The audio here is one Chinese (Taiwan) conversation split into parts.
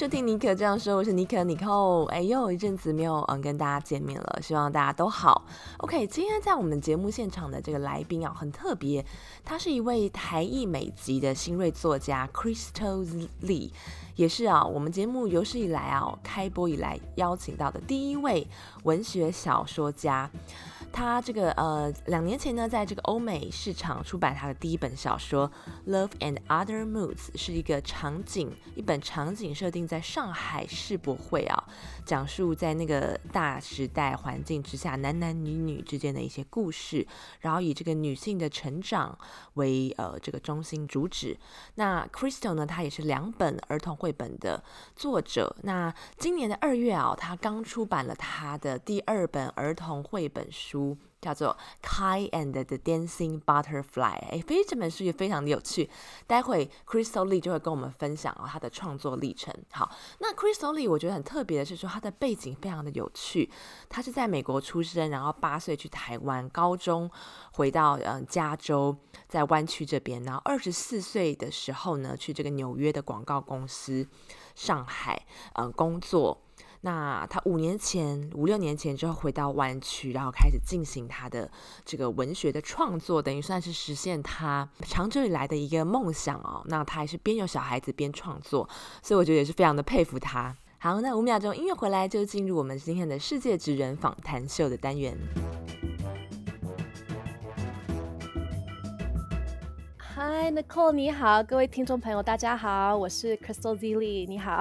收聽妮可這樣說，我是妮可 Nicole，哎呦，又有一陣子沒有嗯跟大家見面了，希望大家都好。OK，今天在我們節目現場的這個來賓啊，很特別，他是一位台裔美籍的新銳作家 Crystal Lee，也是啊，我們節目有史以來啊，開播以來邀請到的第一位文學小說家。他這個呃，兩年前呢，在這個歐美市場出版他的第一本小說《Love and Other Moods》，是一個場景，一本場景設定在上海世博會啊。講述在那個大時代環境之下，男男女女之間的一些故事，然後以這個女性的成長為呃這個中心主旨。那 Crystal 呢，她也是兩本兒童繪本的作者。那今年的二月啊、哦，她剛出版了她的第二本兒童繪本書。叫做《Kai and the Dancing Butterfly》，哎，所以這本書也非常的有趣。待會 Crystal Lee 就會跟我們分享哦他的創作歷程。好，那 Crystal Lee 我覺得很特別的是說，他的背景非常的有趣。他是在美國出生，然後八歲去台灣，高中回到嗯、呃、加州，在灣區這邊。然後二十四歲的時候呢，去這個紐約的廣告公司上海嗯、呃、工作。那他五年前，五六年前之後回到灣區，然後開始進行他的這個文學的創作，等於算是實現他長久以來的一個夢想哦。那他還是邊有小孩子邊創作，所以我覺得也是非常的佩服他。好，那五秒鐘音樂回來就進入我們今天的世界職人訪談秀的單元。Hi Nicole，你好，各位聽眾朋友，大家好，我是 Crystal Z. Lee，你好。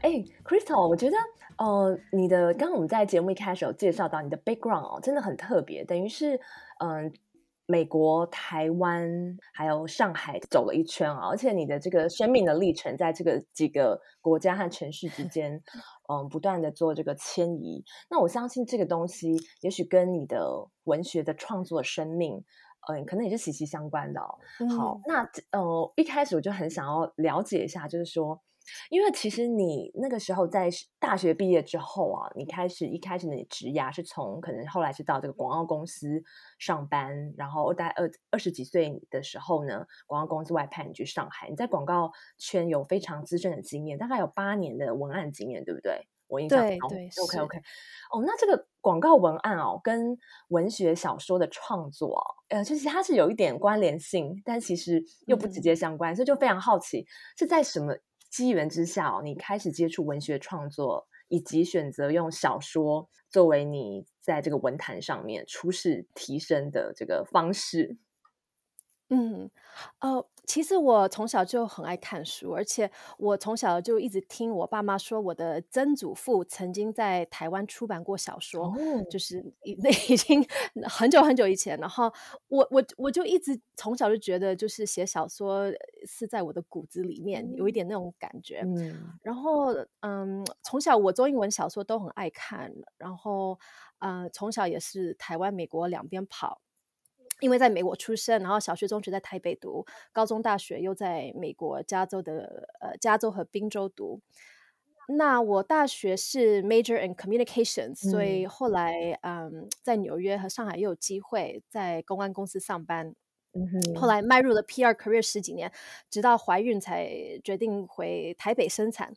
哎、 欸、，Crystal，我覺得哦、呃，你的剛剛我們在節目一開始有介紹到你的 background 哦，真的很特別，等於是嗯、呃，美國、台灣還有上海走了一圈啊、哦，而且你的這個生命的歷程在這個幾個國家和城市之間，嗯、 呃，不斷的做這個遷移。那我相信這個東西，也許跟你的文學的創作的生命。嗯，可能也是息息相關的哦。好，嗯，那呃一開始我就很想要了解一下，就是說，因為其實你那個時候在大學畢業之後啊，你開始一開始你職涯是從可能後來是到這個廣告公司上班，然後大概二二十幾歲的時候呢，廣告公司外派你去上海，你在廣告圈有非常資深的經驗，大概有八年的文案經驗，對不對？我印象對、哦、對，OK OK，哦，那這個廣告文案哦，跟文學小說的創作、哦，呃，就是它是有一點關聯性，但其實又不直接相關，嗯、所以就非常好奇，是在什麼機緣之下，哦，你開始接觸文學創作，以及選擇用小說作為你在這個文壇上面出世提升的這個方式。嗯，哦、呃，其實我從小就很愛看書，而且我從小就一直聽我爸媽說，我的曾祖父曾經在台灣出版過小說，哦、就是那已經很久很久以前。然後我我我就一直從小就覺得，就是寫小說是在我的骨子裡面、嗯、有一點那種感覺。嗯、然後嗯，從小我中英文小說都很愛看，然後、呃、從小也是台灣、美國兩邊跑。因為在美國出生，然後小學、中學在台北讀，高中、大學又在美國加州的呃加州和賓州讀。那我大學是 major in communications，、嗯、所以後來嗯在紐約和上海也有機會在公關公司上班、嗯哼。後來邁入了 PR career 十幾年，直到懷孕才決定回台北生產。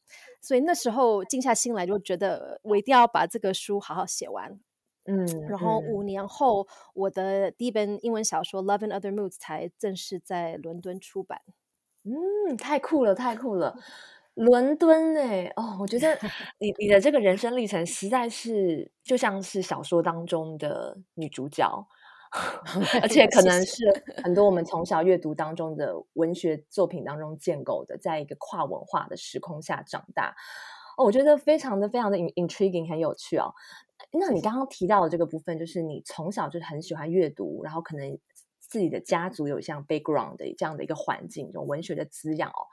所以那時候靜下心來，就覺得我一定要把這個書好好寫完。嗯，然後五年後、嗯，我的第一本英文小說《Love and Other Moods》才正式在倫敦出版。嗯，太酷了，太酷了！倫敦呢、欸？哦，我覺得你 你的這個人生歷程，實在是就像是小說當中的女主角， 而且可能是很多我們從小閱讀當中的文學作品當中建構的，在一個跨文化的時空下長大。哦，我覺得非常的非常的 intriguing，很有趣哦。那你剛剛提到的這個部分，就是你從小就很喜歡閱讀，然後可能自己的家族有像 background 的這樣的一個環境，這種文學的滋養哦，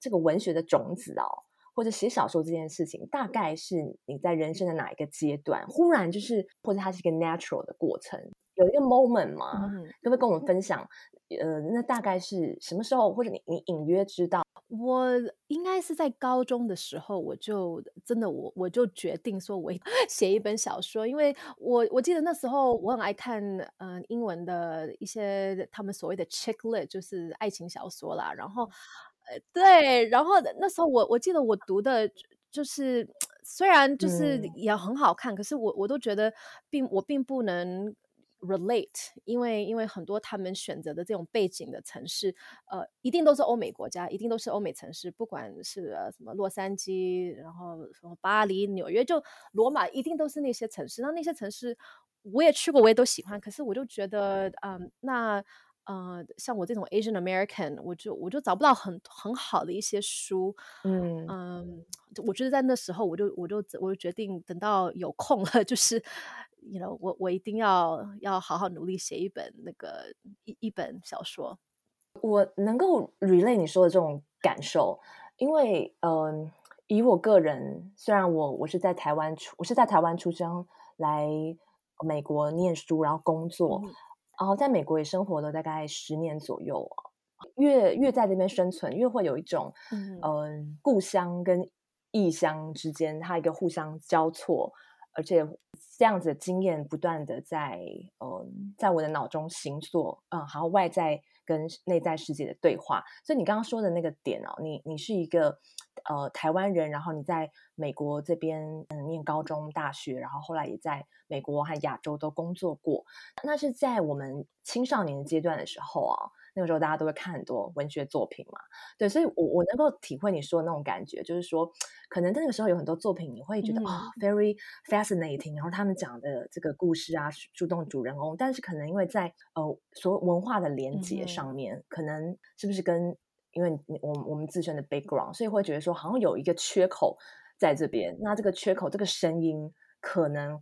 這個文學的種子哦，或者寫小說這件事情，大概是你在人生的哪一個階段，忽然就是，或者它是一個 natural 的過程？有一個 moment 嗎？跟、嗯、可不可以跟我們分享、嗯？呃，那大概是什麼時候？或者你你隱約知道？我應該是在高中的時候，我就真的我我就決定說，我寫一本小說，因為我我記得那時候我很愛看，嗯、呃，英文的一些他們所謂的 chick lit，就是愛情小說啦。然後，呃，對，然後那時候我我記得我讀的，就是雖然就是也很好看，嗯、可是我我都覺得並我並不能。relate，因為因為很多他們選擇的這種背景的城市，呃，一定都是歐美國家，一定都是歐美城市，不管是什麼洛杉磯，然後什麼巴黎、紐約，就羅馬一定都是那些城市。那那些城市我也去過，我也都喜歡。可是我就覺得，嗯，那。呃、uh，像我這種 Asian American，我就我就找不到很很好的一些書，嗯嗯，uh, 我覺得在那時候我，我就我就我就決定等到有空了，就是 you know，我我一定要要好好努力寫一本那個一一本小說。我能夠 relay 你說的這種感受，因為，嗯、呃，以我個人，雖然我我是在台灣出，我是在台灣出生，來美國念書，然後工作。Oh. 然、oh, 後在美國也生活了大概十年左右啊，哦，越越在這邊生存，越會有一種，嗯、呃、故鄉跟異鄉之間它一個互相交錯，而且這樣子的經驗不斷的在嗯、呃、在我的腦中形塑嗯、呃，還有外在跟內在世界的對話。所以你剛剛說的那個點哦，你你是一個。呃，台灣人，然後你在美國這邊，嗯，念高中、大學，然後後來也在美國和亞洲都工作過。那是在我們青少年階段的時候啊，那個時候大家都會看很多文學作品嘛。對，所以我我能夠體會你說的那種感覺，就是說，可能在那個時候有很多作品你會覺得啊，嗯，哦，very fascinating，然後他們講的這個故事啊，觸動主人翁。但是可能因為在呃所謂文化的連接上面，嗯嗯，可能是不是跟。因為我我們自身的 background，所以會覺得說好像有一個缺口在這邊。那這個缺口，這個聲音，可能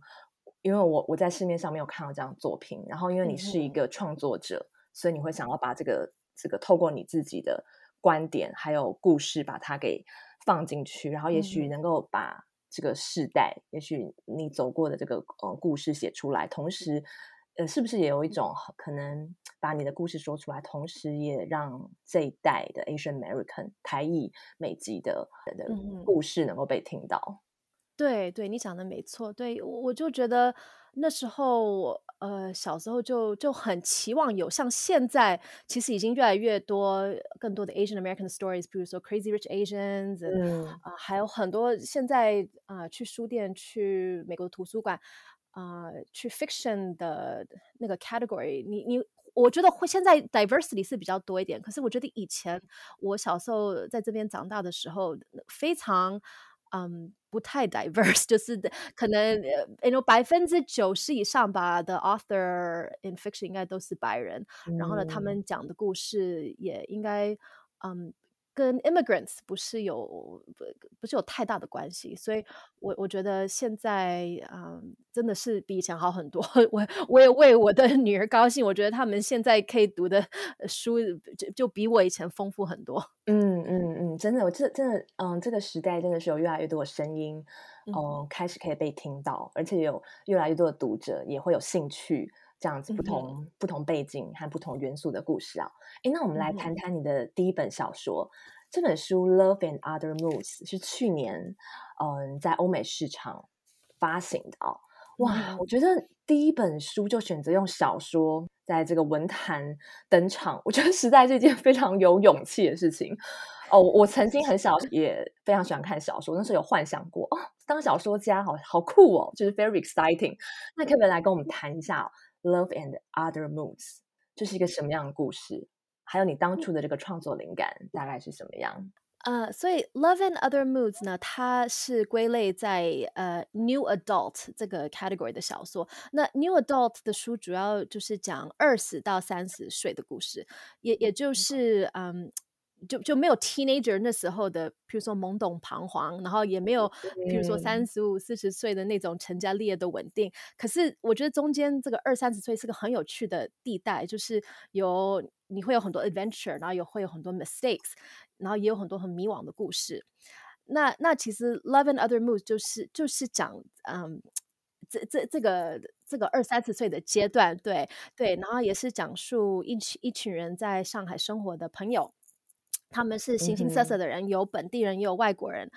因為我我在市面上沒有看到這樣的作品。然後因為你是一個創作者，所以你會想要把這個這個透過你自己的觀點還有故事把它給放進去，然後也許能夠把這個世代，也許你走過的這個、呃、故事寫出來，同時。呃，是不是也有一種可能，把你的故事說出來，同時也讓這一代的 Asian American 台裔美籍的的故事能夠被聽到、嗯？對，對，你講的沒錯。對我，我就覺得那時候我呃小時候就就很期望有像現在，其實已經越來越多更多的 Asian American stories，比如說 Crazy Rich Asians，啊、嗯呃、還有很多現在啊、呃、去書店去美國圖書館。啊，去 fiction 的那個 category，你你，我覺得會現在 diversity 是比較多一點。可是我覺得以前我小時候在這邊長大的時候，非常嗯、um、不太 diverse，就是可能 you know 百分之九十以上吧 the author in fiction 應該都是白人，然後呢，他們講的故事也應該嗯。Um, 跟 immigrants 不是有不是有太大的關係，所以我我覺得現在啊、嗯、真的是比以前好很多，我我也為我的女兒高興，我覺得他們現在可以讀的書就就比我以前豐富很多，嗯嗯嗯，真的，我這真的嗯這個時代真的是有越來越多的聲音嗯，嗯，開始可以被聽到，而且有越來越多的讀者也會有興趣。這樣子不同、mm -hmm. 不同背景和不同元素的故事啊誒，那我們來談談你的第一本小說。Mm -hmm. 這本書《Love and Other Moods》是去年嗯、呃、在歐美市場發行的、哦、哇，mm -hmm. 我覺得第一本書就選擇用小說在這個文壇登場，我覺得實在是一件非常有勇氣的事情哦。我曾經很小 也非常喜歡看小說，那時候有幻想過哦，當小說家好好酷哦，就是 very exciting。那可不可以來跟我們談一下、哦？Love and Other Moods，這是一個什麼樣的故事？還有你當初的這個創作靈感大概是什麼樣？呃，uh, 所以 Love and Other Moods 呢，它是歸類在呃、uh, New Adult 這個 category 的小說。那 New Adult 的書主要就是講二十到三十歲的故事，也也就是嗯。Um, 就就沒有 teenager 那時候的，比如說懵懂彷徨，然後也沒有，比、嗯、如說三十五、四十歲的那種成家立業的穩定。可是我覺得中間這個二三十歲是個很有趣的地帶，就是有你會有很多 adventure，然後也會有很多 mistakes，然後也有很多很迷惘的故事。那那其實《Love and Other Moods》就是就是講嗯，這這這個這個二三十歲的階段，對對，然後也是講述一一群人在上海生活的朋友。他們是形形色色的人，mm -hmm. 有本地人，也有外國人。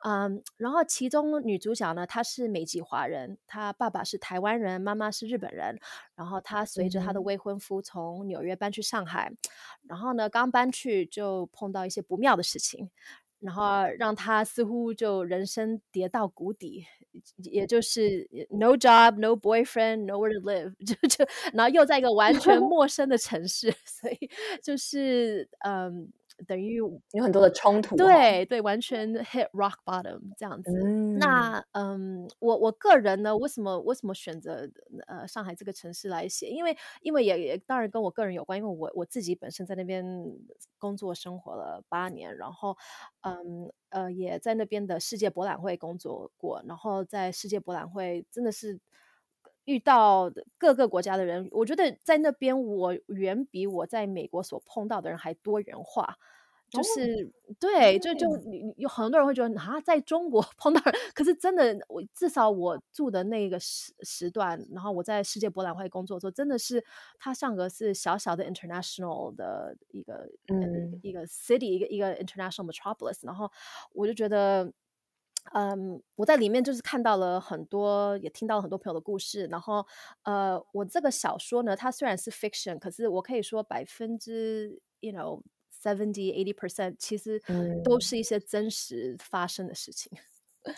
嗯，um，然後其中女主角呢，她是美籍華人，她爸爸是臺灣人，媽媽是日本人。然後她隨着她的未婚夫從紐約搬去上海，mm -hmm. 然後呢，剛搬去就碰到一些不妙的事情，然後讓她似乎就人生跌到谷底，也就是 no job, no boyfriend, nowhere to live，就就然後又在一個完全陌生的城市， 所以就是嗯。Um, 等於有很多的衝突，對對，完全 hit rock bottom 這樣子。嗯那嗯，我我個人呢，為什麼我為什麼選擇呃上海這個城市來寫？因為因為也也當然跟我個人有關，因為我我自己本身在那邊工作生活了八年，然後嗯呃也在那邊的世界博覽會工作過，然後在世界博覽會真的是。遇到各個國家的人，我覺得在那邊我遠比我在美國所碰到的人還多元化。就是，oh. 對，就就你你有很多人會覺得，oh. 啊，在中國碰到人，可是真的，我至少我住的那個時時段，然後我在世界博覽會工作的時候，真的是它上個是小小的 international 的一個嗯，mm. 一個 city 一個一個 international metropolis，然後我就覺得。嗯、um,，我在裡面就是看到了很多，也聽到了很多朋友的故事。然後，呃，我這個小說呢，它雖然是 fiction，可是我可以說百分之，you know，seventy eighty percent，其實都是一些真實發生的事情。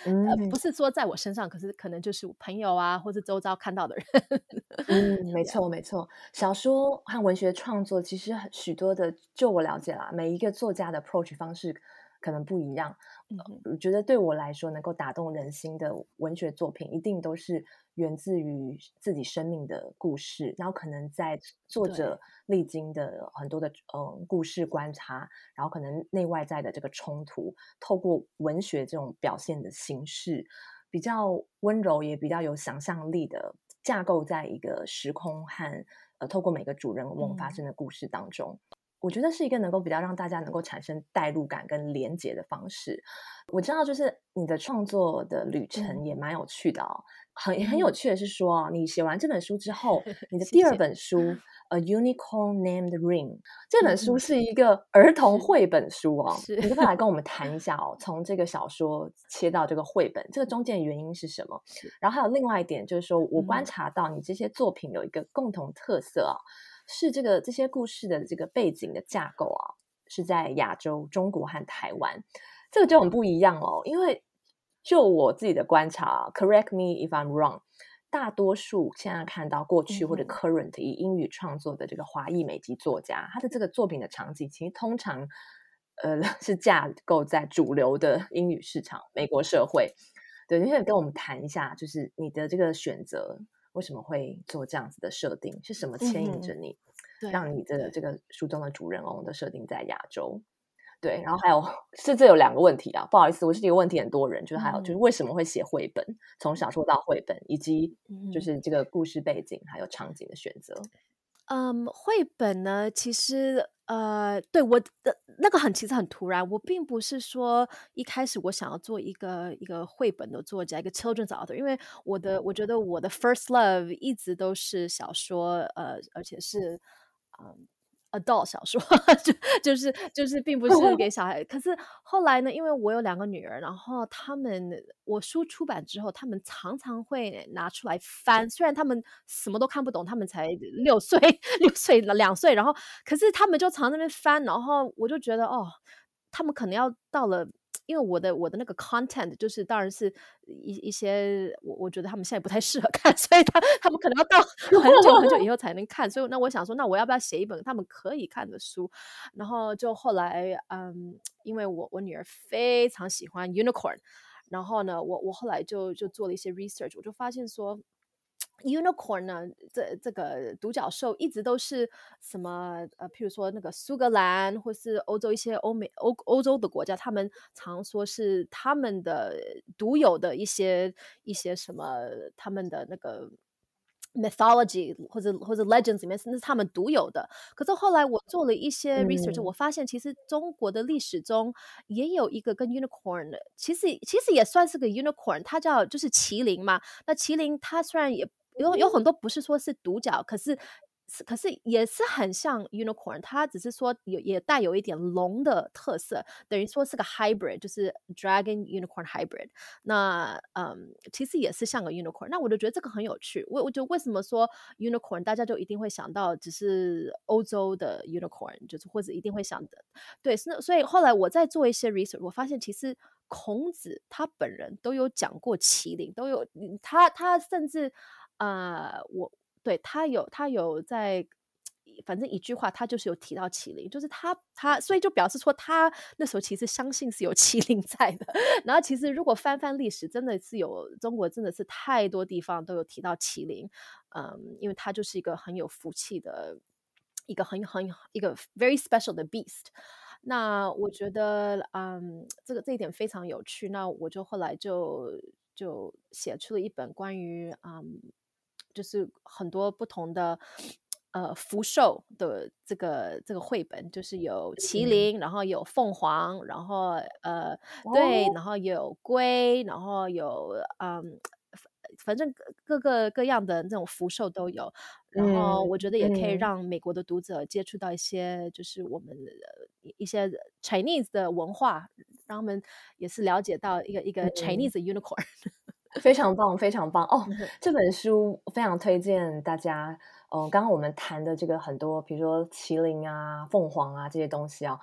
嗯， 呃、不是說在我身上，可是可能就是朋友啊，或者周遭看到的人。 嗯，沒錯，沒錯。小說和文學創作其實許多的，就我了解啦，每一個作家的 approach 方式。可能不一樣，我、呃、覺得對我來說，能夠打動人心的文學作品，一定都是源自於自己生命的故事。然後，可能在作者歷經的很多的嗯故事觀察，然後可能內外在的這個衝突，透過文學這種表現的形式，比較溫柔，也比較有想象力的架構在一個時空和呃，透過每個主人翁發生的故事當中。嗯我覺得是一個能夠比較讓大家能夠產生代入感跟連接的方式。我知道，就是你的創作的旅程也蠻有趣的哦。很很有趣的是說、哦，你寫完這本書之後，你的第二本書《A Unicorn Named Rin》這本書是一個兒童繪本書哦。你不妨來跟我們談一下哦，從這個小說切到這個繪本，這個中間原因是什麼？然後還有另外一點就是說，我觀察到你這些作品有一個共同特色啊、哦。是這個這些故事的這個背景的架構啊，是在亞洲、中國和台灣，這個就很不一樣哦。因為就我自己的觀察啊，correct me if I'm wrong，大多數現在看到過去或者 current 以英語創作的這個華裔美籍作家，嗯。他的這個作品的場景其實通常呃是架構在主流的英語市場、美國社會。對，你可以跟我們談一下，就是你的這個選擇。為什麼會做這樣子的設定？是什麼牽引着你，嗯嗯讓你的、這個、這個書中的主人翁、哦、的設定在亞洲？對，然後還有是這有兩個問題啊，不好意思，我是一個問題，很多人就是還有、嗯、就是為什麼會寫繪本？從小說到繪本，以及就是這個故事背景還有場景的選擇。嗯，um，繪本呢，其實，呃，對我的那個很，其實很突然。我並不是說一開始我想要做一個一個繪本的作家，一個 children's author，因為我的我覺得我的 first love 一直都是小說，呃，而且是嗯 adult 小說就就是就是，就是就是，並不是給小孩。哦，可是後來呢，因為我有兩個女兒，然後他們我書出版之後，他們常常會拿出來翻。雖然他們什麼都看不懂，他們才六歲，六歲兩歲，然後可是他們就常在那邊翻，然後我就覺得哦，他們可能要到了。因為我的我的那個 content 就是，當然是一一些我我覺得他們現在不太適合看，所以他他們可能要到很久很久以後才能看，所以那我想說，那我要不要寫一本他們可以看的書？然後就後來，嗯，因為我我女兒非常喜歡 unicorn，然後呢，我我後來就就做了一些 research，我就發現說。Unicorn 呢？這這個獨角獸一直都是什麼？呃，譬如說那個蘇格蘭，或是歐洲一些歐美歐歐洲的國家，他們常說是他們的獨有的一些一些什麼，他們的那個 mythology 或者或者 legends 裡面甚至是他們獨有的。可是後來我做了一些 research，、嗯、我發現其實中國的歷史中也有一個跟 unicorn，其實其實也算是個 unicorn，它叫就是麒麟嘛。那麒麟它雖然也有有很多不是說是獨角，可是可是也是很像 unicorn，它只是說有也帶有一點龍的特色，等於說是個 hybrid，就是 dragon unicorn hybrid 那。那嗯，其實也是像個 unicorn。那我就覺得這個很有趣。我我就為什麼說 unicorn，大家就一定會想到只是歐洲的 unicorn，就是或者一定會想的，對那。所以後來我在做一些 research，我發現其實孔子他本人都有講過麒麟，都有他他甚至。啊，uh，我對他有，他有在，反正一句話，他就是有提到麒麟，就是他他，所以就表示說他那時候其實相信是有麒麟在的。然後其實如果翻翻歷史，真的是有中國真的是太多地方都有提到麒麟，嗯，因為他就是一個很有福氣的一個很很一個 very special 的 beast。那我覺得，嗯，這個這一點非常有趣。那我就後來就就寫出了一本關於嗯。就是很多不同的呃福壽的這個這個繪本，就是有麒麟，嗯、然後有鳳凰，然後呃、哦、對，然後有龜，然後有嗯，反正各各個各樣的那種福壽都有。然後我覺得也可以讓美國的讀者接觸到一些，嗯、就是我們的一些 Chinese 的文化，讓他們也是了解到一個一個 Chinese unicorn。嗯非常棒，非常棒哦、oh, 嗯！這本書非常推薦大家。嗯、呃，剛剛我們談的這個很多，比如說麒麟啊、鳳凰啊這些東西啊、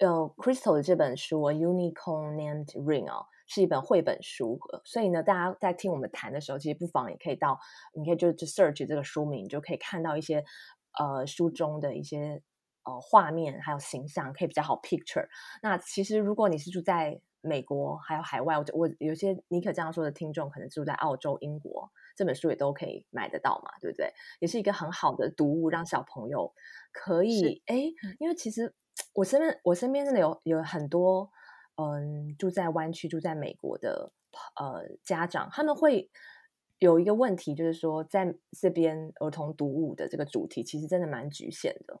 哦，呃，Crystal 的這本書、哦《Unicorn Named Rin、哦》啊，是一本繪本書、呃。所以呢，大家在聽我們談的時候，其實不妨也可以到，你可以就就 search 這個書名，就可以看到一些呃書中的一些呃畫面還有形象，可以比較好 picture。那其實如果你是住在美國還有海外，我，我有些尼可這樣說的聽眾，可能住在澳洲、英國，這本書也都可以買得到嘛，對不對？也是一個很好的讀物，讓小朋友可以哎，因為其實我身邊我身邊真的有有很多嗯住在灣區、住在美國的呃家長，他們會有一個問題，就是說在這邊兒童讀物的這個主題，其實真的蠻局限的。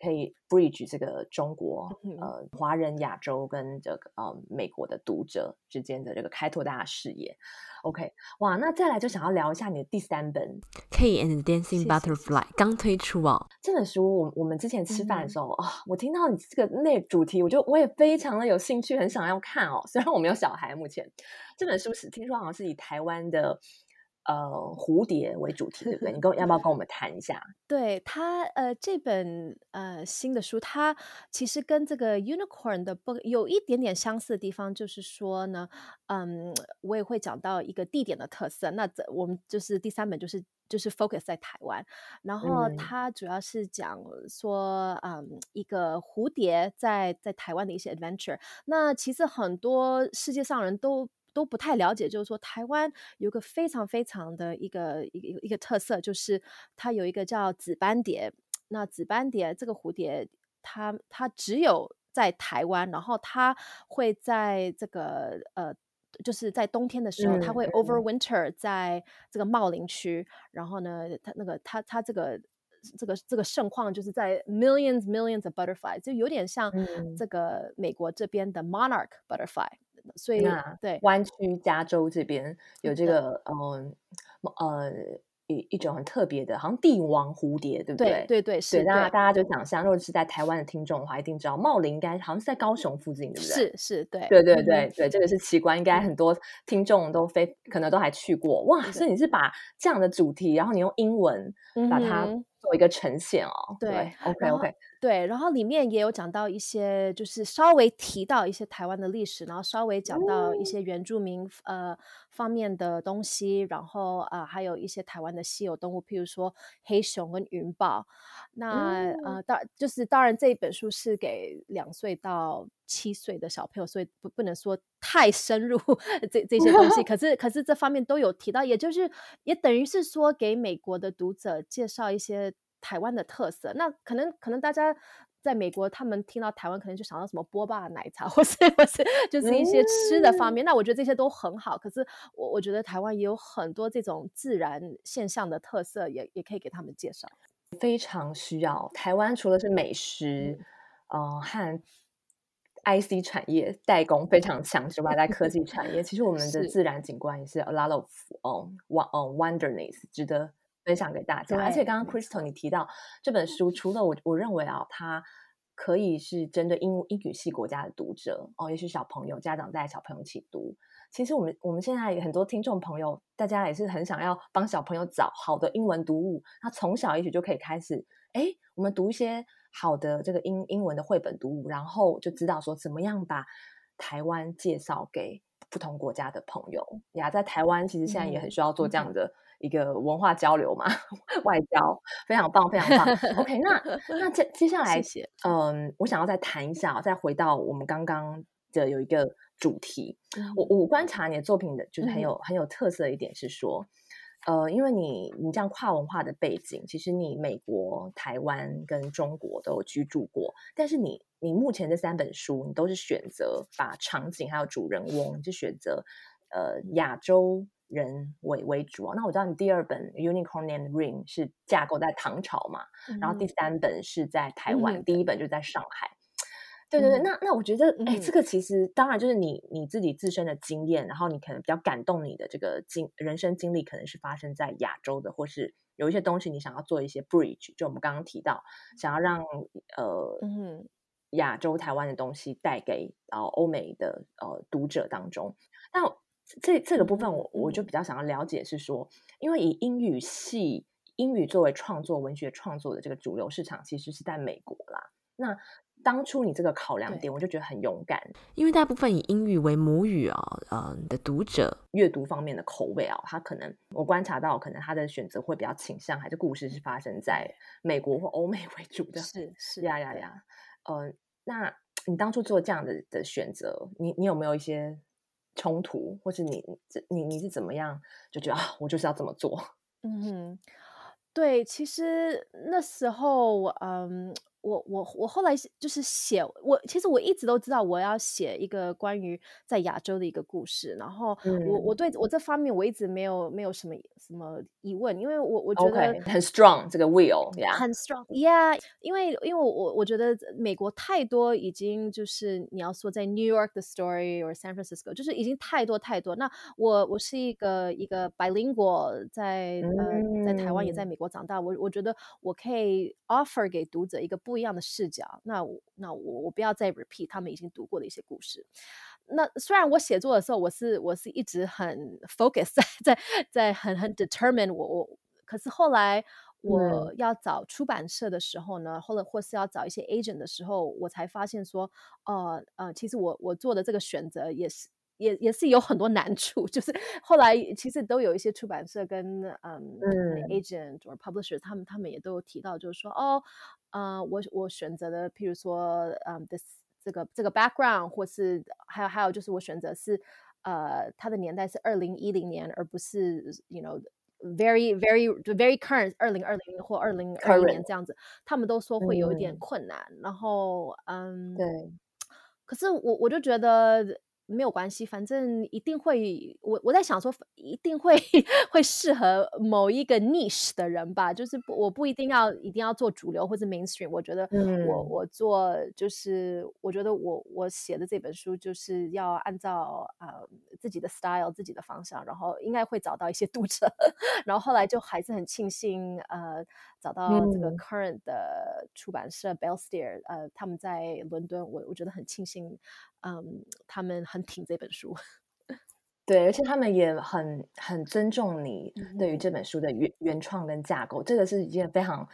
可以 bridge 這個中國，呃，華人亞洲跟這個呃、嗯、美國的讀者之間的這個開拓大家視野。OK，哇，那再來就想要聊一下你的第三本《Kai the Dancing Butterfly 謝謝謝謝》剛推出哦、啊，這本書我我們之前吃飯的時候、嗯哦、我聽到你這個那主題，我就我也非常的有興趣，很想要看哦。雖然我沒有小孩，目前這本書是聽說好像是以台灣的。呃，蝴蝶為主題，對不對？你跟要不要跟我們談一下？ 對，它，呃，這本呃新的書，它其實跟這個《Unicorn》的 book 有一點點相似的地方，就是說呢，嗯，我也會講到一個地點的特色。那這我們就是第三本，就是就是 focus 在台灣，然後它主要是講說，嗯，嗯一個蝴蝶在在台灣的一些 adventure。那其實很多世界上人都。都不太了解，就是說台灣有個非常非常的一個一個一個特色，就是它有一個叫紫斑蝶。那紫斑蝶這個蝴蝶，它它只有在台灣，然後它會在這個呃，就是在冬天的時候，它會 overwinter 在這個茂林區。嗯、然後呢，它那個它它這個這個這個盛況，就是在 millions millions of butterflies，就有點像這個美國這邊的 monarch butterfly。嗯所以那，對灣區加州這邊有這個，嗯呃一、呃、一種很特別的，好像帝王蝴蝶，對不對？對對是。對那大家大家就想象，如果是在台灣的聽眾的話，一定知道茂林應該好像是在高雄附近，對不對？是是對，對對對、嗯、對對，對，對，這個是奇觀，應該很多聽眾都飛可能都還去過，哇！所以你是把這樣的主題，然後你用英文把它做一個呈現哦、嗯呃，對，對，OK OK。對，然後裡面也有講到一些，就是稍微提到一些台灣的歷史，然後稍微講到一些原住民、oh. 呃方面的東西，然後啊、呃、還有一些台灣的稀有動物，譬如說黑熊跟雲豹。那、oh. 呃當就是當然這一本書是給兩歲到七歲的小朋友，所以不不能說太深入這這些東西，可是可是這方面都有提到，也就是也等於是說給美國的讀者介紹一些，台灣的特色，那可能可能大家在美國，他們聽到台灣，可能就想到什麼波霸奶茶，或是或是，就是一些吃的方面、嗯。那我覺得這些都很好，可是我我覺得台灣也有很多這種自然現象的特色，也也可以給他們介紹。非常需要。台灣除了是美食，嗯，呃、和 IC 産業代工非常強之外，在、嗯、科技產業， 其實我們的自然景觀也是 a lot of 嗯 w 嗯 wonderness 值得。分享給大家，而且剛剛 Crystal 你提到這本書，除了我我認為啊，它可以是針對英英語系國家的讀者哦，也許小朋友家長帶小朋友一起讀。其實我們我們現在很多聽眾朋友，大家也是很想要幫小朋友找好的英文讀物，他從小一起就可以開始，哎，我們讀一些好的這個英英文的繪本讀物，然後就知道說怎麼樣把台灣介紹給不同國家的朋友呀。在台灣其實現在也很需要做這樣的、嗯。嗯一個文化交流嘛，外交非常棒，非常棒。OK，那那接接下來，嗯，呃，我想要再談一下，再回到我們剛剛的有一個主題。我我觀察你的作品的，就是很有很有特色一點是說，嗯，呃，因為你你這樣跨文化的背景，其實你美國、台灣跟中國都有居住過，但是你你目前這三本書，你都是選擇把場景還有主人翁就選擇，呃，亞洲。人為為主、啊、那我知道你第二本《mm. Unicorn Named Rin》是架構在唐朝嘛，然後第三本是在台灣，mm. 第一本就在上海。Mm. 對對對，那那我覺得，哎、欸，這個其實當然就是你你自己自身的經驗，然後你可能比較感動你的這個經人生經歷，可能是發生在亞洲的，或是有一些東西你想要做一些 bridge，就我們剛剛提到，想要讓呃亞、mm. 洲台灣的東西帶給呃歐美的呃讀者當中，但。這這個部分我，我我就比較想要了解，是說、嗯，因為以英語系英語作為創作文學創作的這個主流市場，其實是在美國啦。那當初你這個考量點，我就覺得很勇敢、嗯，因為大部分以英語為母語啊、哦，嗯的讀者閱讀方面的口味啊、哦，他可能我觀察到，可能他的選擇會比較傾向，還是故事是發生在美國或歐美為主的。是是呀呀呀，嗯、呃，那你當初做這樣的的選擇，你你有沒有一些？衝突，或者你你你是怎麼樣就覺得啊，我就是要這麼做。嗯哼，對，其實那時候，嗯。我我我後來就是寫我，其實我一直都知道我要寫一個關於在亞洲的一個故事，然後我、mm. 我對我這方面我一直沒有沒有什麼什麼疑問，因為我我覺得、okay. 很 strong 這個 will，、yeah. 很 strong，yeah，因為因為我我覺得美國太多已經就是你要說在 New York 的 story 或 San Francisco，就是已經太多太多。那我我是一個一個 bilingual，在、mm. 呃在台灣也在美國長大，我我覺得我可以 offer 給讀者一個。不一樣的視角，那那我那我，我不要再 repeat 他們已經讀過的一些故事。那雖然我寫作的時候，我是我是一直很 focus 在在很很 determined 我我，可是後來我要找出版社的時候呢，或、嗯、者或是要找一些 agent 的時候，我才發現說，呃呃，其實我我做的這個選擇也是。也也是有很多難處，就是後來其實都有一些出版社跟嗯，嗯 agent or publisher 他們他們也都有提到，就是說哦，呃，我我選擇的，譬如說嗯 this 這個這個 background，或是還有還有就是我選擇是呃他的年代是二零一零年，而不是 you know very very very current 二零二零或二零二一年這樣子，current. 他們都說會有一點困難，嗯，然後嗯對，可是我我就覺得。沒有關係，反正一定會。我我在想說，一定會會適合某一個 niche 的人吧。就是不我不一定要一定要做主流或者 mainstream。我覺得我、嗯、我,我做就是，我覺得我我寫的這本書就是要按照啊、呃、自己的 style、自己的方向，然後應該會找到一些讀者。然後後來就還是很慶幸呃找到這個 current 的出版社 Bellsteer，、嗯、呃他們在倫敦，我我覺得很慶幸。嗯、um,，他們很挺這本書，對，而且他們也很很尊重你對於這本書的原原創跟架構，Mm-hmm. 這個是一件非常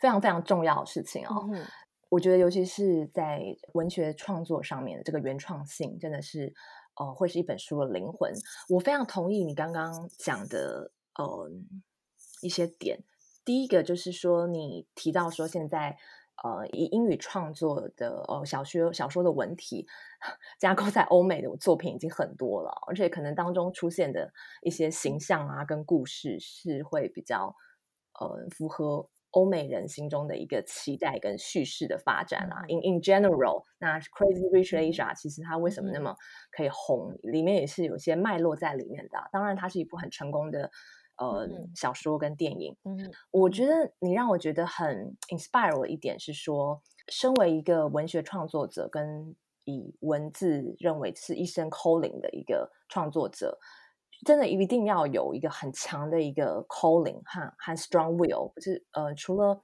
非常非常重要的事情哦。Mm-hmm. 我覺得尤其是在文學創作上面的這個原創性，真的是哦、呃、會是一本書的靈魂。我非常同意你剛剛講的嗯、呃、一些點，第一個就是說你提到說現在。呃，以英語創作的哦，小說小說的文體架構在歐美的作品已經很多了，而且可能當中出現的一些形象啊，跟故事是會比較呃，符合歐美人心中的一個期待跟敘事的發展啦、啊。In in general，那 Crazy Rich Asia 其實它為什麼那麼可以紅，裡面也是有些脈絡在裡面的、啊。當然，它是一部很成功的。呃、嗯，小說跟電影，嗯，我覺得你讓我覺得很 inspire 我的一點是說，身為一個文學創作者，跟以文字認為是一生 calling 的一個創作者，真的一定要有一個很強的一個 calling 和和 strong will，就是呃，除了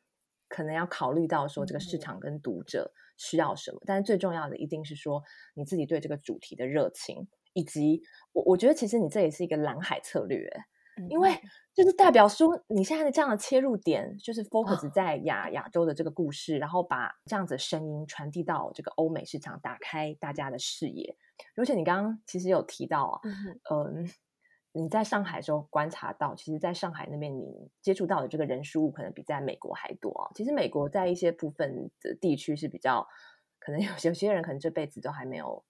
可能要考慮到說這個市場跟讀者需要什麼，嗯、但是最重要的一定是說你自己對這個主題的熱情，以及我我覺得其實你這也是一個藍海策略、欸。因為就是代表說，你現在的這樣的切入點，就是 focus 在亞、oh. 亞洲的這個故事，然後把這樣子的聲音傳遞到這個歐美市場，打開大家的視野。而且你剛剛其實有提到啊，mm-hmm. 嗯，你在上海的時候觀察到，其實在上海那邊，你接觸到的這個人事物可能比在美國還多啊，其實美國在一些部分的地區是比較，可能有有些人可能這輩子都還沒有，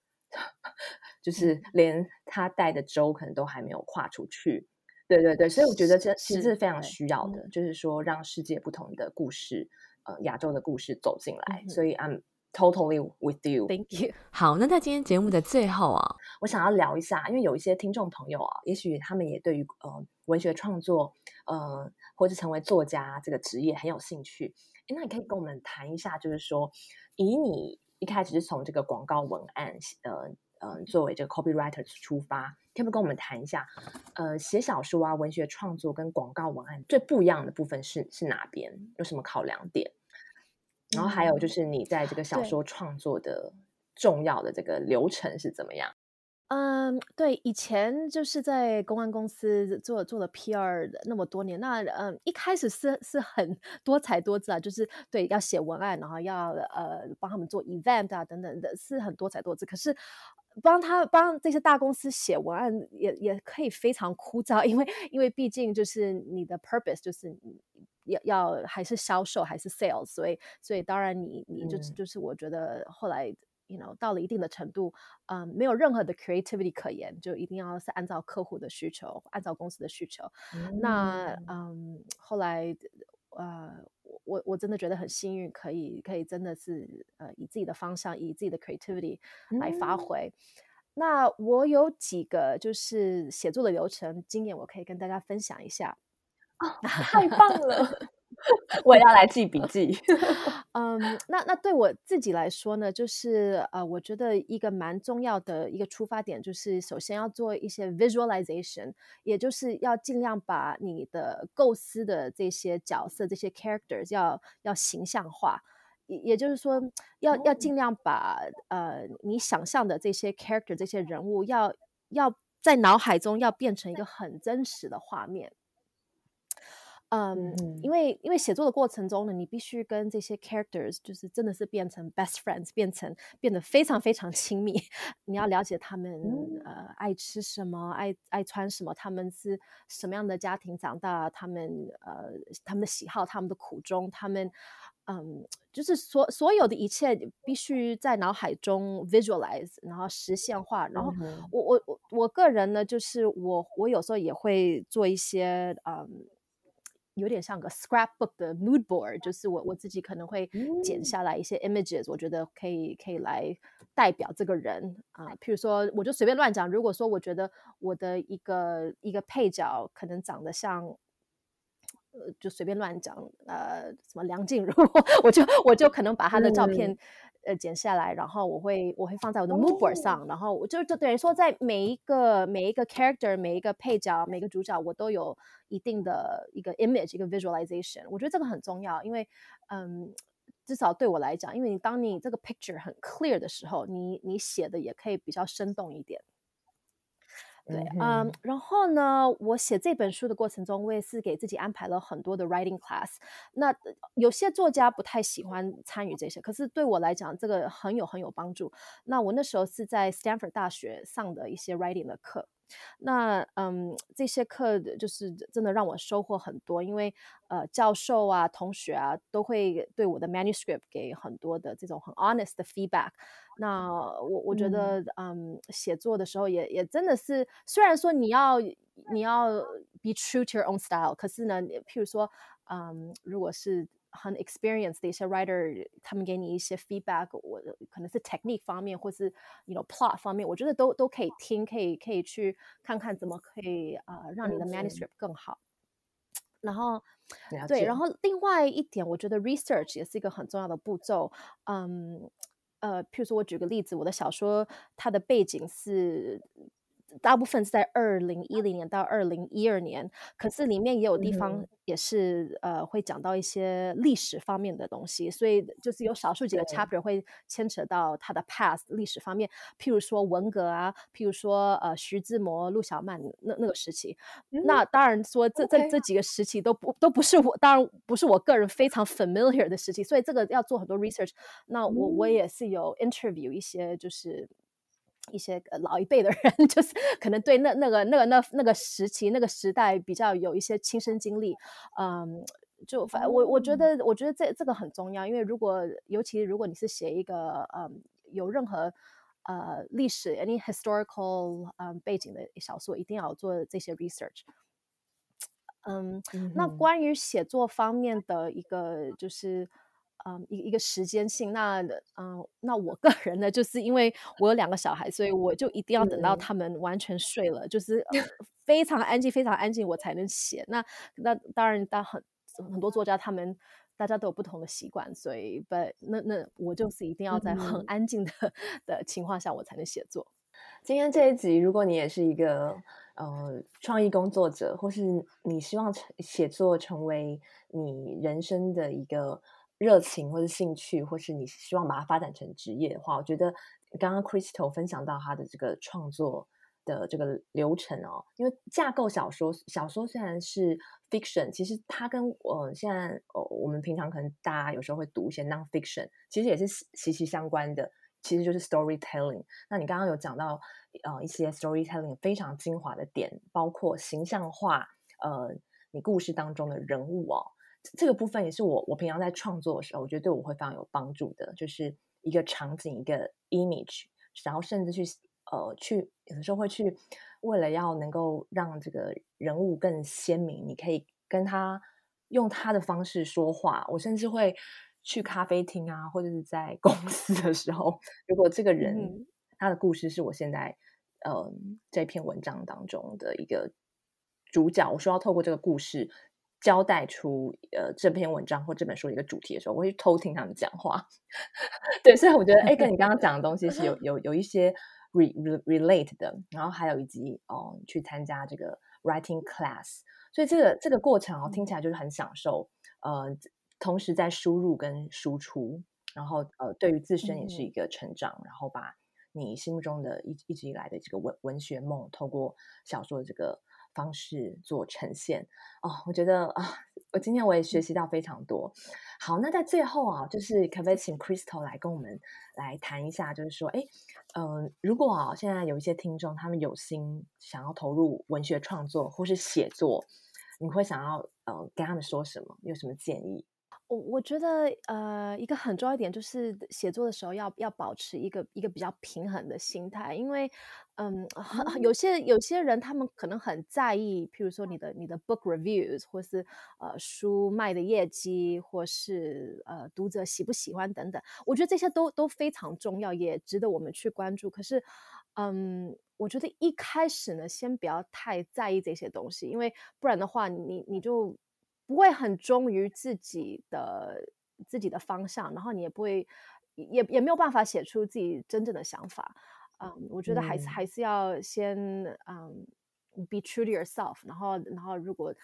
就是連他帶的州可能都還沒有跨出去。對對對，所以我覺得這其實是非常需要的，就是說讓世界不同的故事，呃，亞洲的故事走進來。嗯，所以 I'm totally with you. Thank you. 好，那在今天節目的最後啊，哦，我想要聊一下，因為有一些聽眾朋友啊，也許他們也對於呃文學創作，呃，或者成為作家這個職業很有興趣。哎，那你可以跟我們談一下，就是說以你一開始是從這個廣告文案呃。呃、作為這個 copywriter 出發，可不跟我們談一下，呃，寫小說啊，文學創作跟廣告文案最不一樣的部分是是哪邊？有什麼考量點，嗯？然後還有就是你在這個小說創作的重要的這個流程是怎麼樣？嗯，對，以前就是在公關公司做做了 PR 那麼多年，那嗯，一開始是是很多采多姿啊，就是對要寫文案，然後要呃幫他們做 event 啊等等的，是很多采多姿。可是。呃幫他幫這些大公司寫文案也也可以非常枯燥，因為因為畢竟就是你的 purpose 就是要要還是銷售還是 sales，所以所以當然你你就是就是我覺得後來 you know 到了一定的程度，嗯，沒有任何的 creativity 可言，就一定要是按照客戶的需求，按照公司的需求。嗯，那嗯，後來呃。我我真的覺得很幸運，可以可以真的是呃，以自己的方向，以自己的 creativity 來發揮。嗯、那我有幾個就是寫作的流程經驗，我可以跟大家分享一下。啊、哦，太棒了！ 我要來記筆記。嗯 um，那那對我自己來說呢，就是呃，我覺得一個蠻重要的一個出發點，就是首先要做一些 visualization，也就是要盡量把你的構思的這些角色、這些 characters 要要形象化，也就是說要，要要盡量把呃你想象的這些 character、這些人物要要在腦海中要變成一個很真實的畫面。嗯、um, mm-hmm. 因為因為寫作的過程中呢，你必須跟這些 characters 就是真的是變成 best friends，變成變得非常非常親密。你要了解他們、mm-hmm. 呃愛吃什麼，愛愛穿什麼，他們是什麼樣的家庭長大，他們呃他們的喜好，他們的苦衷，他們嗯，就是所所有的一切必須在腦海中 visualize，然後實現化。然後我、mm-hmm. 我我我個人呢，就是我我有時候也會做一些嗯。有點像個 scrapbook 的 mood board，就是我我自己可能會剪下來一些 images，、嗯、我覺得可以可以來代表這個人啊、呃。譬如說，我就隨便亂講，如果說我覺得我的一個一個配角可能長得像，呃，就隨便亂講，呃，什麼梁靜茹，我就我就可能把他的照片。嗯呃，剪下來，然後我會我會放在我的 moodboard 上，哦，然後我就就等於說，在每一個每一個 character、每一個配角、每一個主角，我都有一定的一個 image、一個 visualization。我覺得這個很重要，因為嗯，至少對我來講，因為你當你這個 picture 很 clear 的時候，你你寫的也可以比較生動一點。對，mm -hmm. 嗯，然後呢，我寫這本書的過程中，我也是給自己安排了很多的 writing class。那有些作家不太喜歡參與這些，可是對我來講，這個很有很有幫助。那我那時候是在 Stanford 大學上的一些 writing 的課，那嗯，這些課就是真的讓我收穫很多，因為呃，教授啊、同學啊，都會對我的 manuscript 給很多的這種很 honest 的 feedback。那我我覺得嗯，嗯，寫作的時候也也真的是，雖然說你要你要 be true to your own style，可是呢，譬如說，嗯，如果是很 experienced 的一些 writer，他們給你一些 feedback，我可能是 technique 方面，或是 you know plot 方面，我覺得都都可以聽，可以可以去看看怎麼可以啊、呃、讓你的 manuscript 更好。然後，對，然後另外一點，我覺得 research 也是一個很重要的步驟，嗯。呃，譬如說我舉個例子，我的小說它的背景是，大部分是在二零一零年到二零一二年，可是裡面也有地方也是、嗯、呃會講到一些歷史方面的東西，所以就是有少數幾個 chapter 會牽扯到它的 past 歷史方面，譬如說文革啊，譬如說呃徐志摩、陸小曼那那個時期，嗯、那當然說這這這幾個時期都不、Okay. 都不是我，當然不是我個人非常 familiar 的時期，所以這個要做很多 research。那我我也是有 interview 一些就是。嗯一些呃老一輩的人，就是可能對那那個那個那那個時期那個時代比較有一些親身經歷，嗯，就反正我我覺得我覺得這這個很重要，因為如果尤其如果你是寫一個嗯有任何呃歷史 any historical 嗯背景的小說，一定要做這些 research。嗯，mm -hmm. 那關於寫作方面的一個就是。啊、嗯，一一個時間性那，嗯，那我個人呢，就是因為我有兩個小孩，所以我就一定要等到他們完全睡了，嗯、就是非常安靜，非常安靜，我才能寫。那那當然，當很很多作家他們大家都有不同的習慣，所以不那那我就是一定要在很安靜的、嗯、的情況下，我才能寫作。今天這一集，如果你也是一個呃創意工作者，或是你希望成寫作成為你人生的一個。熱情或者興趣，或是你希望把它發展成職業的話，我覺得剛剛 Crystal 分享到他的這個創作的這個流程哦，因為架構小說，小說雖然是 fiction，其實它跟我現在我們平常可能大家有時候會讀一些 nonfiction，其實也是息息相關的，其實就是 storytelling。那你剛剛有講到呃一些 storytelling 非常精華的點，包括形象化呃你故事當中的人物哦。這個部分也是我我平常在創作的時候，我覺得對我會非常有幫助的，就是一個場景一個 image，然後甚至去呃去，有的時候會去為了要能夠讓這個人物更鮮明，你可以跟他用他的方式說話。我甚至會去咖啡廳啊，或者是在公司的時候，如果這個人、嗯、他的故事是我現在呃這篇文章當中的一個主角，我說要透過這個故事，交代出呃這篇文章或這本書的一個主題的時候，我會偷聽他們講話。 對，所以我覺得哎，跟你剛剛講的東西是有有有一些 re, relate 的，然後還有以及嗯去參加這個 writing class，所以這個這個過程哦、嗯、聽起來就是很享受。呃，同時在輸入跟輸出，然後呃，對於自身也是一個成長，嗯、然後把你心目中的一一直以來的這個文文學夢，透過小說的這個。方式做呈現哦，oh, 我覺得啊，oh, 我今天我也學習到非常多。好，那在最後啊，就是可不可以請 Crystal 來跟我們來談一下，就是說，誒，嗯、呃，如果啊現在有一些聽眾他們有心想要投入文學創作或是寫作，你會想要嗯、呃、跟他們說什麼？有什麼建議？我我覺得，呃，一個很重要一點就是寫作的時候要要保持一個一個比較平衡的心態，因為，嗯，有些有些人他們可能很在意，譬如說你的你的 book reviews 或是呃書賣的業績，或是呃讀者喜不喜歡等等，我覺得這些都都非常重要，也值得我們去關注。可是，嗯，我覺得一開始呢，先不要太在意這些東西，因為不然的話你，你你就。不會很忠於自己的自己的方向，然後你也不會也也沒有辦法寫出自己真正的想法。嗯，我覺得還是、嗯、還是要先嗯、um,，be true to yourself。然後，然後如果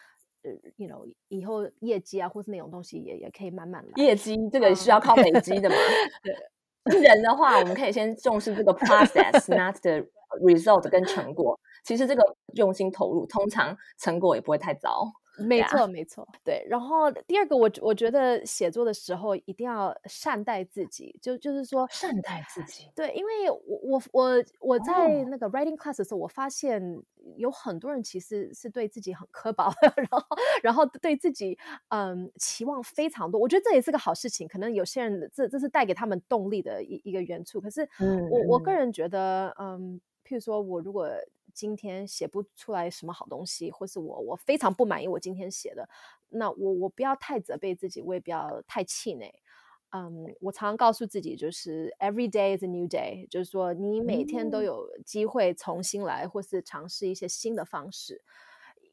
呃，you know，以後業績啊或是那種東西也也可以慢慢來。業績這個需要靠累積的嘛？對、uh, 人的話， 我們可以先重視這個 process，not the result 跟成果。其實這個用心投入，通常成果也不會太糟。沒錯，yeah. 沒錯。對，然後第二個，我我覺得寫作的時候一定要善待自己，就就是說善待自己。對，因為我我我我在那個 writing class 的時候，oh. 我發現有很多人其實是對自己很刻薄，然後然後對自己嗯期望非常多。我覺得這也是個好事情，可能有些人這這是帶給他們動力的一一個元素。可是我、mm-hmm. 我個人覺得，嗯，譬如說我如果。今天寫不出來什麼好東西，或是我我非常不滿意我今天寫的，那我我不要太責備自己，我也不要太氣餒。嗯，我常常告訴自己就是 every day is a new day，就是說你每天都有機會重新來，嗯、或是嘗試一些新的方式。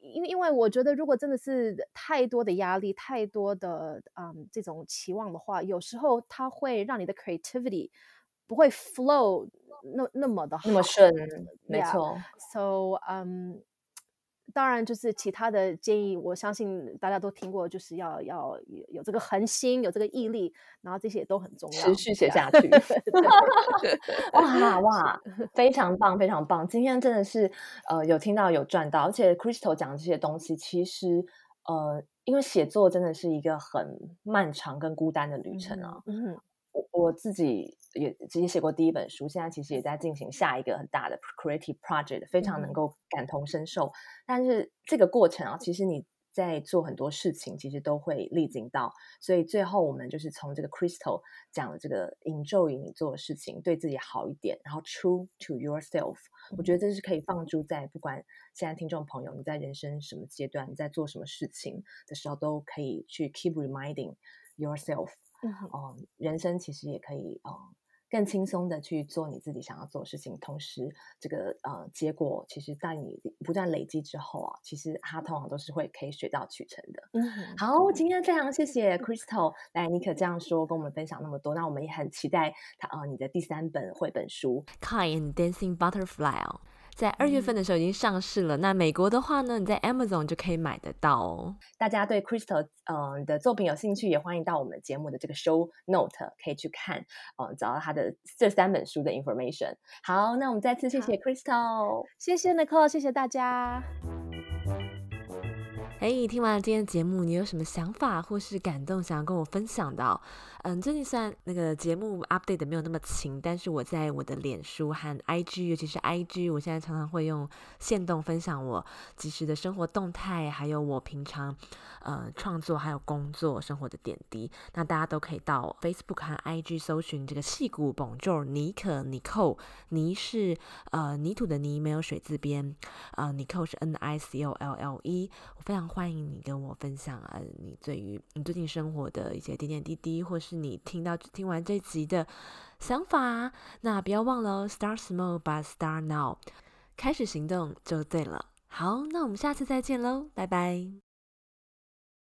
因為因為我覺得如果真的是太多的壓力，太多的嗯這種期望的話，有時候它會讓你的 creativity，不會 flow 那那麼的好，那麼順，yeah. 沒錯。So，嗯，um，當然就是其他的建議，我相信大家都聽過，就是要要有這個恆心，有這個毅力，然後這些都很重要，持續寫下去。 對 哇哇，哇，非常棒，非常棒！今天真的是呃，有聽到有賺到，而且 Crystal 講這些東西，其實呃，因為寫作真的是一個很漫長跟孤單的旅程啊。嗯哼，嗯哼我，我自己，也直接寫過第一本書，現在其實也在進行下一個很大的 creative project，非常能夠感同身受。嗯嗯，但是這個過程啊，其實你在做很多事情，其實都會歷經到。所以最後我們就是從這個 Crystal 講了這個 enjoy 你做的事情，對自己好一點，然後 true to yourself，嗯嗯，我覺得這是可以放諸在不管現在聽眾朋友你在人生什麼階段，你在做什麼事情的時候，都可以去 keep reminding yourself。嗯，哦，人生其實也可以，嗯、哦。更輕鬆的去做你自己想要做的事情，同時這個呃結果，其實在你不斷累積之後啊，其實它通常都是會可以水到渠成的、嗯。好，今天非常謝謝 Crystal、嗯、來，你可這樣說，跟我們分享那麼多，那我們也很期待他、呃、你的第三本繪本書《Kai the Dancing Butterfly、哦》。在二月份的時候已經上市了，嗯。那美國的話呢，你在 Amazon 就可以買得到哦。大家對 Crystal 嗯、呃、的作品有興趣，也歡迎到我們節目的這個 Show Note 可以去看，呃、找到他的這三本書的 information。好，那我們再次謝謝 Crystal，謝謝 Nicole，謝謝大家。哎、欸，聽完了今天的節目，你有什麼想法或是感動，想要跟我分享的哦？嗯，最近雖然那個節目 update 沒有那麼勤，但是我在我的臉書和 I G，尤其是 I G，我現在常常會用限動分享我即時的生活動態，還有我平常呃創作還有工作生活的點滴。那大家都可以到 Facebook 和 I G 搜尋這個細骨，本就尼可 Nicolle，泥是呃泥土的泥，沒有水字邊啊。呃、Nicolle 是 N I C O L L E。我非常歡迎你跟我分享呃你對於你最近生活的一些點點滴滴，或是。你聽到聽完這集的想法，啊，那不要忘了，Start small but start now，開始行動就對了。好，那我們下次再見嘍，拜拜。